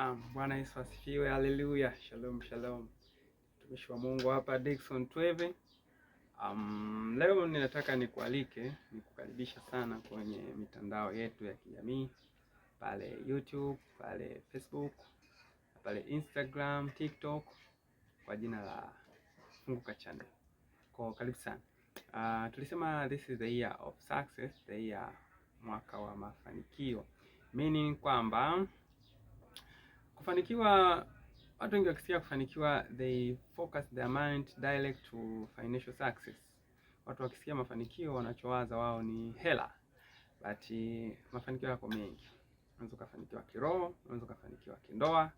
Um, Bwana Yesu asifiwe, haleluya. Shalom, shalom. Mtumishi wa Mungu hapa Dickson Tweve. Um, leo ninataka nikualike, nikukaribisha sana kwenye mitandao yetu ya kijamii pale YouTube, pale Facebook, pale Instagram, TikTok kwa jina la Funguka Channel. Kwa karibu sana. Uh, tulisema this is the year of success, the year mwaka wa mafanikio. Meaning kwamba kufanikiwa watu wengi wakisikia kufanikiwa they focus their mind direct to financial success. Watu wakisikia mafanikio wanachowaza wao ni hela, but eh, mafanikio yako mengi. Unaweza ukafanikiwa kiroho, unaweza ukafanikiwa kindoa,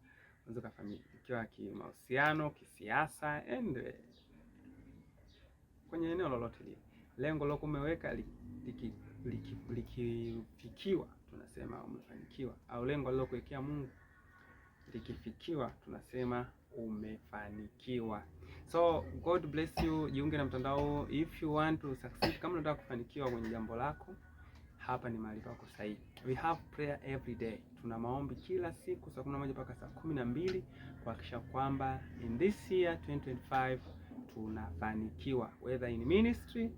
unaweza ukafanikiwa kimahusiano, kisiasa, and kwenye eneo lolote lile, lengo lako umeweka likifikiwa, tunasema umefanikiwa, au lengo lilokuwekea Mungu likifikiwa tunasema umefanikiwa. So God bless you. Jiunge na mtandao if you want to succeed. Kama unataka kufanikiwa kwenye jambo lako, hapa ni mahali pako sahihi. We have prayer every day, tuna maombi kila siku saa kumi na moja mpaka saa kumi na mbili kuhakikisha kwamba in this year 2025 tunafanikiwa whether in ministry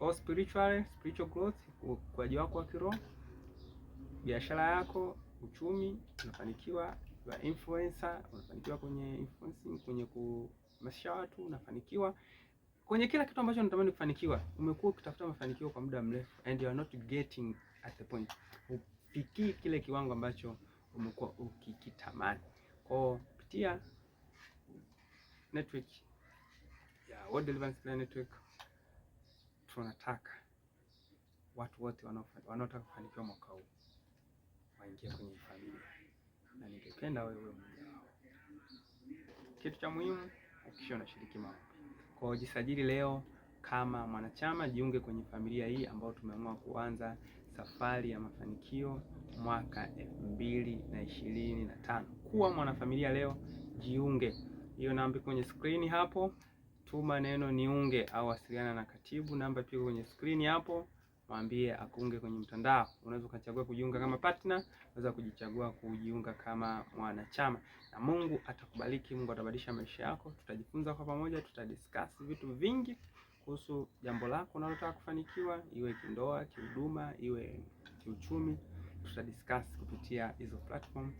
or spiritual spiritual growth, ukuaji wako wa kiroho, biashara yako uchumi, unafanikiwa wa influencer, unafanikiwa kwenye influencing, kwenye kuhamasisha watu, unafanikiwa kwenye kila kitu ambacho unatamani kufanikiwa. Umekuwa ukitafuta mafanikio kwa muda mrefu and you are not getting at the point, hufikii kile kiwango ambacho umekuwa ukikitamani. Kwa kupitia network ya World Relevance Plan Network tunataka watu wote wanaotaka kufanikiwa mwaka huu kwenye familia, na ningependa wewe Kitu cha muhimu hakikisha unashiriki maombi. Kwa hiyo jisajili leo kama mwanachama, jiunge kwenye familia hii ambayo tumeamua kuanza safari ya mafanikio mwaka elfu mbili na ishirini na tano. Kuwa mwanafamilia leo, jiunge. Hiyo namba kwenye skrini hapo, tuma neno niunge au wasiliana na katibu, namba pia kwenye skrini hapo waambie akunge kwenye mtandao. Unaweza ukachagua kujiunga kama partner, unaweza kujichagua kujiunga kama mwanachama, na Mungu atakubariki. Mungu atabadilisha maisha yako. Tutajifunza kwa pamoja, tutadiscuss vitu vingi kuhusu jambo lako unalotaka kufanikiwa, iwe kindoa, kihuduma, iwe kiuchumi. Tutadiscuss kupitia hizo platform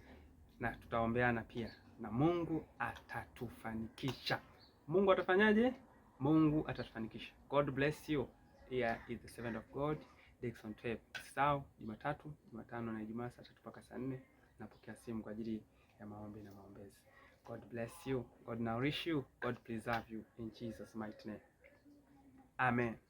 na tutaombeana pia, na Mungu atatufanikisha. Mungu atafanyaje? Mungu atatufanikisha. God bless you. Here is the servant of God Dickson Tape. Usisahau Jumatatu, Jumatano na Ijumaa saa tatu mpaka saa nne napokea simu kwa ajili ya maombi na maombezi. God bless you. God nourish you. God preserve you in Jesus mighty name. Amen.